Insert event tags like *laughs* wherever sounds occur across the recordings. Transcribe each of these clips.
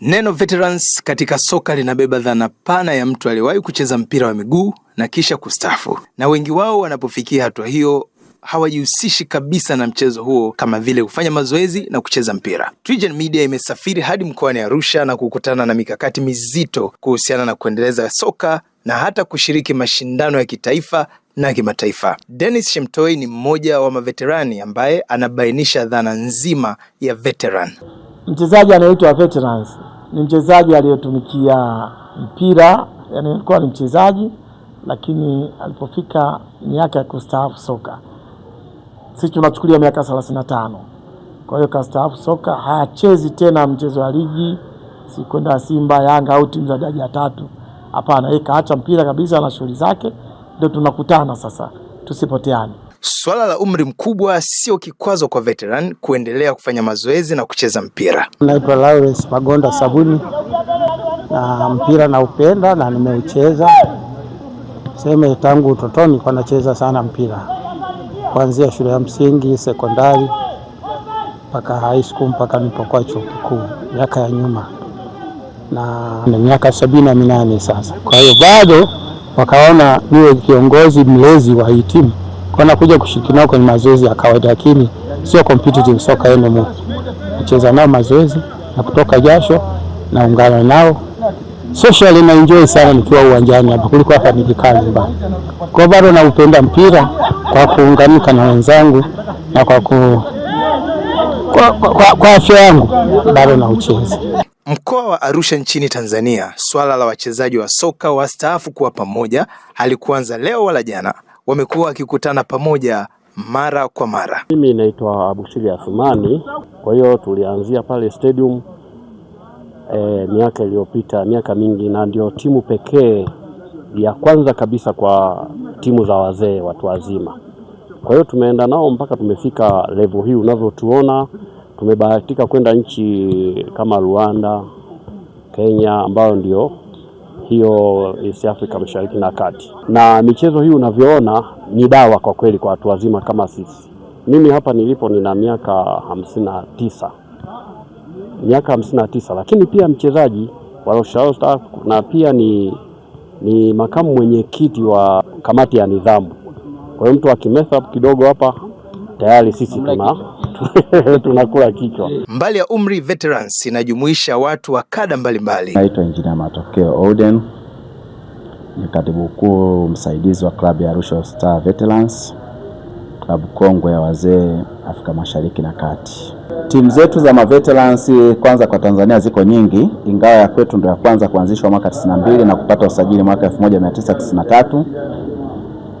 Neno veterans katika soka linabeba dhana pana ya mtu aliyewahi kucheza mpira wa miguu na kisha kustafu na wengi wao wanapofikia hatua hiyo hawajihusishi kabisa na mchezo huo kama vile kufanya mazoezi na kucheza mpira. Trigen Media imesafiri hadi mkoani Arusha na kukutana na mikakati mizito kuhusiana na kuendeleza soka na hata kushiriki mashindano ya kitaifa na kimataifa. Dennis Shemtoi ni mmoja wa maveterani ambaye anabainisha dhana nzima ya veteran mchezaji anaitwa Veterans ni mchezaji aliyotumikia mpira, yani alikuwa ni mchezaji lakini alipofika miaka ya kustaafu soka, sisi tunachukulia miaka 35. Kwa hiyo kastaafu soka, hachezi tena mchezo wa ligi, si kwenda Simba, Yanga au timu za daraja tatu. Hapana, yeye kaacha mpira kabisa na shughuli zake. Ndio tunakutana sasa, tusipoteane. Swala la umri mkubwa sio kikwazo kwa veteran kuendelea kufanya mazoezi na kucheza mpira. Naitwa Lawrence Magonda Sabuni na mpira naupenda na nimeucheza seme tangu utotoni, kwa nacheza sana mpira kuanzia shule ya msingi, sekondari mpaka high school mpaka nilipokuwa chuo kikuu miaka ya nyuma, na ni miaka sabini na minane sasa. Kwa hiyo bado wakaona niwe kiongozi mlezi wa hii timu wanakuja kushiriki nao kwenye mazoezi ya kawaida, lakini sio competitive soka NMU. Nacheza nao mazoezi na kutoka jasho, naungana nao social, na enjoy sana nikiwa uwanjani hapa kuliko hapa nikikaa nyumbani. Kwa bado naupenda mpira kwa kuunganika na wenzangu na kwa ku kwa, kwa, kwa afya yangu bado na ucheza. Mkoa wa Arusha nchini Tanzania, swala la wachezaji wa soka wastaafu kuwa pamoja halikuanza leo wala jana wamekuwa wakikutana pamoja mara kwa mara. Mimi naitwa Abushiri Athumani, kwa hiyo tulianzia pale stadium e, miaka iliyopita, miaka mingi, na ndio timu pekee ya kwanza kabisa kwa timu za wazee watu wazima. Kwa hiyo tumeenda nao mpaka tumefika level hii unavyotuona. Tumebahatika kwenda nchi kama Rwanda, Kenya ambayo ndio hiyo East Africa Mashariki na Kati, na michezo hii unavyoona ni dawa kwa kweli kwa watu wazima kama sisi. Mimi hapa nilipo nina miaka hamsini na tisa miaka hamsini na tisa lakini pia mchezaji wa na pia ni, ni makamu mwenyekiti wa kamati ya nidhamu. Kwa hiyo mtu akimetha kidogo hapa tayari sisi tuna *laughs* tunakula kichwa. Mbali ya umri, Veterans inajumuisha watu wa kada mbalimbali. Naitwa Injinia Matokeo Oden, ni katibu mkuu msaidizi wa klabu ya Arusha Star Veterans, klabu kongwe ya wazee Afrika Mashariki na Kati. Timu zetu za maveterans kwanza kwa Tanzania ziko nyingi, ingawa ya kwetu ndio ya kwanza kuanzishwa mwaka 92 na kupata usajili mwaka 1993.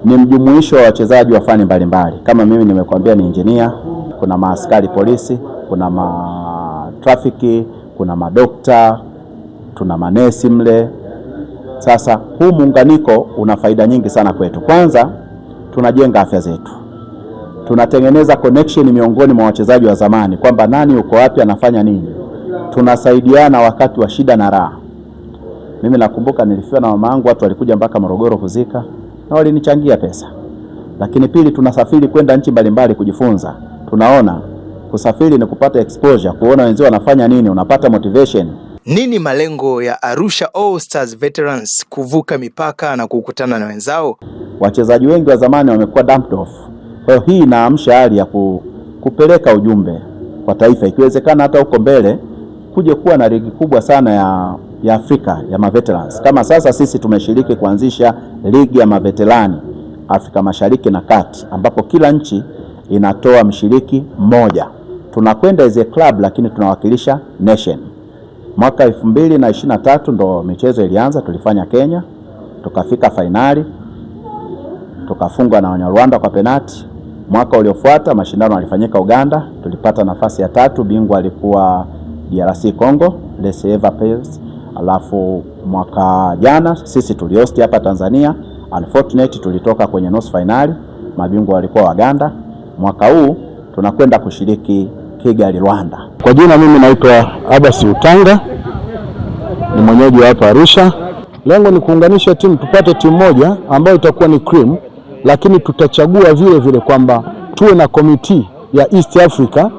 Ni mjumuisho wa wachezaji wa fani mbalimbali, kama mimi nimekuambia ni injinia kuna maaskari polisi, kuna matrafiki, kuna madokta, tuna manesi mle. Sasa huu muunganiko una faida nyingi sana kwetu. Kwanza tunajenga afya zetu, tunatengeneza connection miongoni mwa wachezaji wa zamani kwamba nani uko wapi anafanya nini, tunasaidiana wakati wa shida na raha. Mimi nakumbuka nilifiwa na mama yangu, watu walikuja mpaka Morogoro kuzika na walinichangia pesa. Lakini pili, tunasafiri kwenda nchi mbalimbali kujifunza tunaona kusafiri ni kupata exposure, kuona wenzao wanafanya nini, unapata motivation. Nini malengo ya Arusha All Stars Veterans kuvuka mipaka na kukutana na wenzao? Wachezaji wengi wa zamani wamekuwa dumped off, kwa hiyo hii inaamsha hali ya ku, kupeleka ujumbe kwa taifa, ikiwezekana hata huko mbele kuja kuwa na ligi kubwa sana ya, ya Afrika ya maveterans. Kama sasa sisi tumeshiriki kuanzisha ligi ya maveterani Afrika Mashariki na Kati, ambapo kila nchi inatoa mshiriki mmoja. Tunakwenda as a club, lakini tunawakilisha nation. Mwaka 2023 na ndo michezo ilianza, tulifanya Kenya tukafika fainali tukafungwa na Wanyarwanda kwa penati. Mwaka uliofuata mashindano yalifanyika Uganda, tulipata nafasi ya tatu, bingwa alikuwa DRC Congo Les Evapes. Alafu mwaka jana sisi tuliosti hapa Tanzania, unfortunately tulitoka kwenye nusu finali, mabingwa walikuwa Waganda. Mwaka huu tunakwenda kushiriki Kigali, Rwanda. Kwa jina mimi naitwa Abasi Utanga, ni mwenyeji wa hapa Arusha. Lengo ni kuunganisha timu, tupate timu moja ambayo itakuwa ni cream, lakini tutachagua vile vile kwamba tuwe na komiti ya East Africa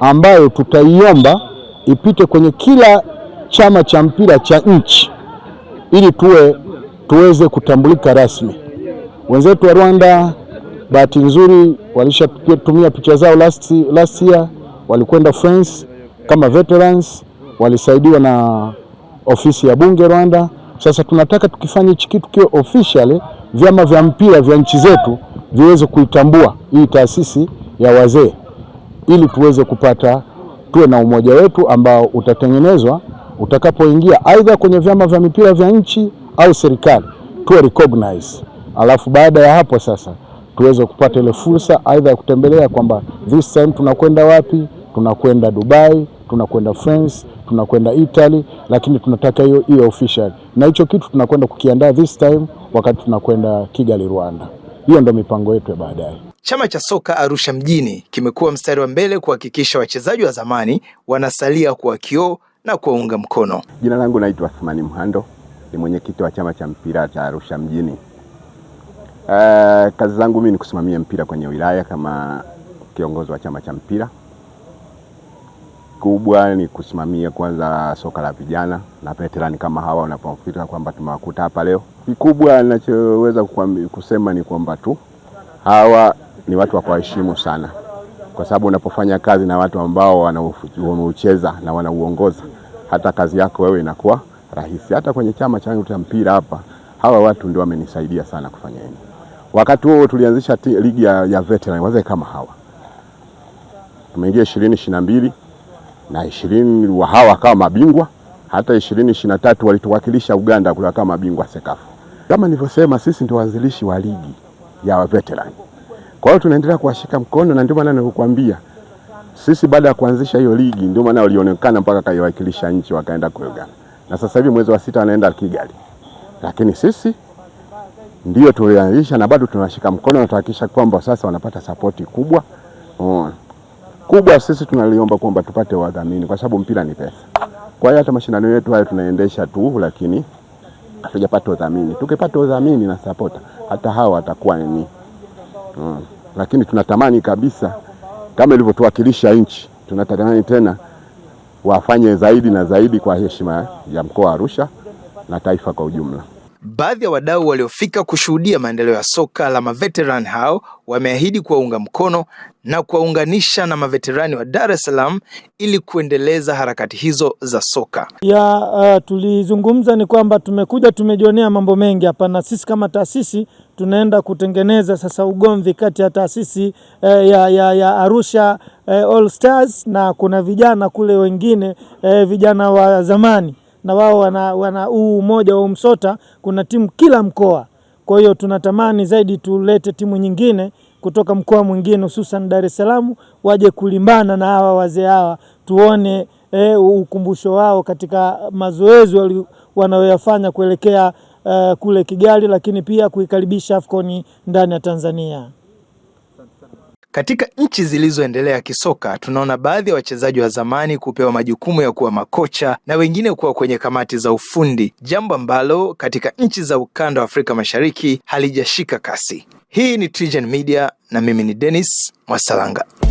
ambayo tutaiomba ipite kwenye kila chama cha mpira cha nchi ili tuwe tuweze kutambulika rasmi. Wenzetu wa Rwanda bahati nzuri walishatumia picha zao last, last year walikwenda France kama veterans, walisaidiwa na ofisi ya bunge Rwanda. Sasa tunataka tukifanya hichi kitu kio official, vyama vya mpira vya nchi zetu viweze kuitambua hii taasisi ya wazee ili tuweze kupata tuwe na umoja wetu ambao utatengenezwa utakapoingia aidha kwenye vyama vya mipira vya nchi au serikali, tuwe recognize. Alafu baada ya hapo sasa tuweze kupata ile fursa aidha ya kutembelea kwamba this time tunakwenda wapi, tunakwenda Dubai, tunakwenda France, tunakwenda Italy, lakini tunataka hiyo iwe official, na hicho kitu tunakwenda kukiandaa this time wakati tunakwenda Kigali, Rwanda. Hiyo ndio mipango yetu ya baadaye. Chama cha soka Arusha mjini kimekuwa mstari wa mbele kuhakikisha wachezaji wa zamani wanasalia kuwa kioo na kuwaunga mkono. Jina langu naitwa Asmani Mhando, ni mwenyekiti wa chama cha mpira cha Arusha mjini. Eh, kazi zangu mimi ni kusimamia mpira kwenye wilaya kama kiongozi wa chama cha mpira. Kubwa ni kusimamia kwanza soka la vijana na veterani kama hawa wanapofika, kwamba tumewakuta hapa leo. Kikubwa ninachoweza kusema ni kwamba tu hawa ni watu wa kuheshimu sana, kwa sababu unapofanya kazi na watu ambao wanaucheza na wanauongoza, hata kazi yako wewe inakuwa rahisi. Hata kwenye chama changu cha mpira hapa hawa watu ndio wamenisaidia sana kufanya hivi. Wakati huo tulianzisha ligi ya, ya veteran wazee kama hawa, tumeingia ishirini ishirini na mbili na ishirini wa hawa kama mabingwa, hata ishirini ishirini na tatu walituwakilisha Uganda kule kama mabingwa Sekafu. Kama nilivyosema, sisi ndio waanzilishi wa ligi ya veteran, kwa hiyo tunaendelea kuwashika mkono, na ndio maana nilikwambia sisi baada ya kuanzisha hiyo ligi ndio maana walionekana mpaka kaiwakilisha nchi wakaenda kwa Uganda, na sasa hivi mwezi wa sita anaenda Kigali, lakini sisi ndio tulianzisha na bado tunashika mkono na tuhakikisha kwamba sasa wanapata sapoti kubwa um, kubwa. Sisi tunaliomba kwamba tupate wadhamini, kwa sababu mpira ni pesa. Kwa hiyo hata mashindano yetu hayo tunaendesha tu, lakini hatujapata udhamini. Tukipata udhamini na sapota, hata hao watakuwa ni um, lakini tunatamani kabisa kama ilivyotuwakilisha nchi, tunatamani tena wafanye zaidi na zaidi kwa heshima ya mkoa wa Arusha na taifa kwa ujumla. Baadhi ya wadau waliofika kushuhudia maendeleo ya soka la maveterani hao wameahidi kuwaunga mkono na kuwaunganisha na maveterani wa Dar es Salaam ili kuendeleza harakati hizo za soka ya. Uh, tulizungumza ni kwamba tumekuja tumejionea mambo mengi hapa, na sisi kama taasisi tunaenda kutengeneza sasa ugomvi kati ya taasisi eh, ya, ya, ya Arusha eh, All Stars na kuna vijana kule wengine eh, vijana wa zamani na wao wana, wana huu umoja wa Msota, kuna timu kila mkoa. Kwa hiyo tunatamani zaidi tulete timu nyingine kutoka mkoa mwingine hususan Dar es Salaam waje kulimbana na hawa wazee hawa, tuone e, ukumbusho wao katika mazoezi wanayoyafanya kuelekea uh, kule Kigali, lakini pia kuikaribisha AFCON ndani ya Tanzania. Katika nchi zilizoendelea kisoka tunaona baadhi ya wachezaji wa zamani kupewa majukumu ya kuwa makocha na wengine kuwa kwenye kamati za ufundi, jambo ambalo katika nchi za ukanda wa Afrika Mashariki halijashika kasi. Hii ni TriGen Media na mimi ni Dennis Mwasalanga.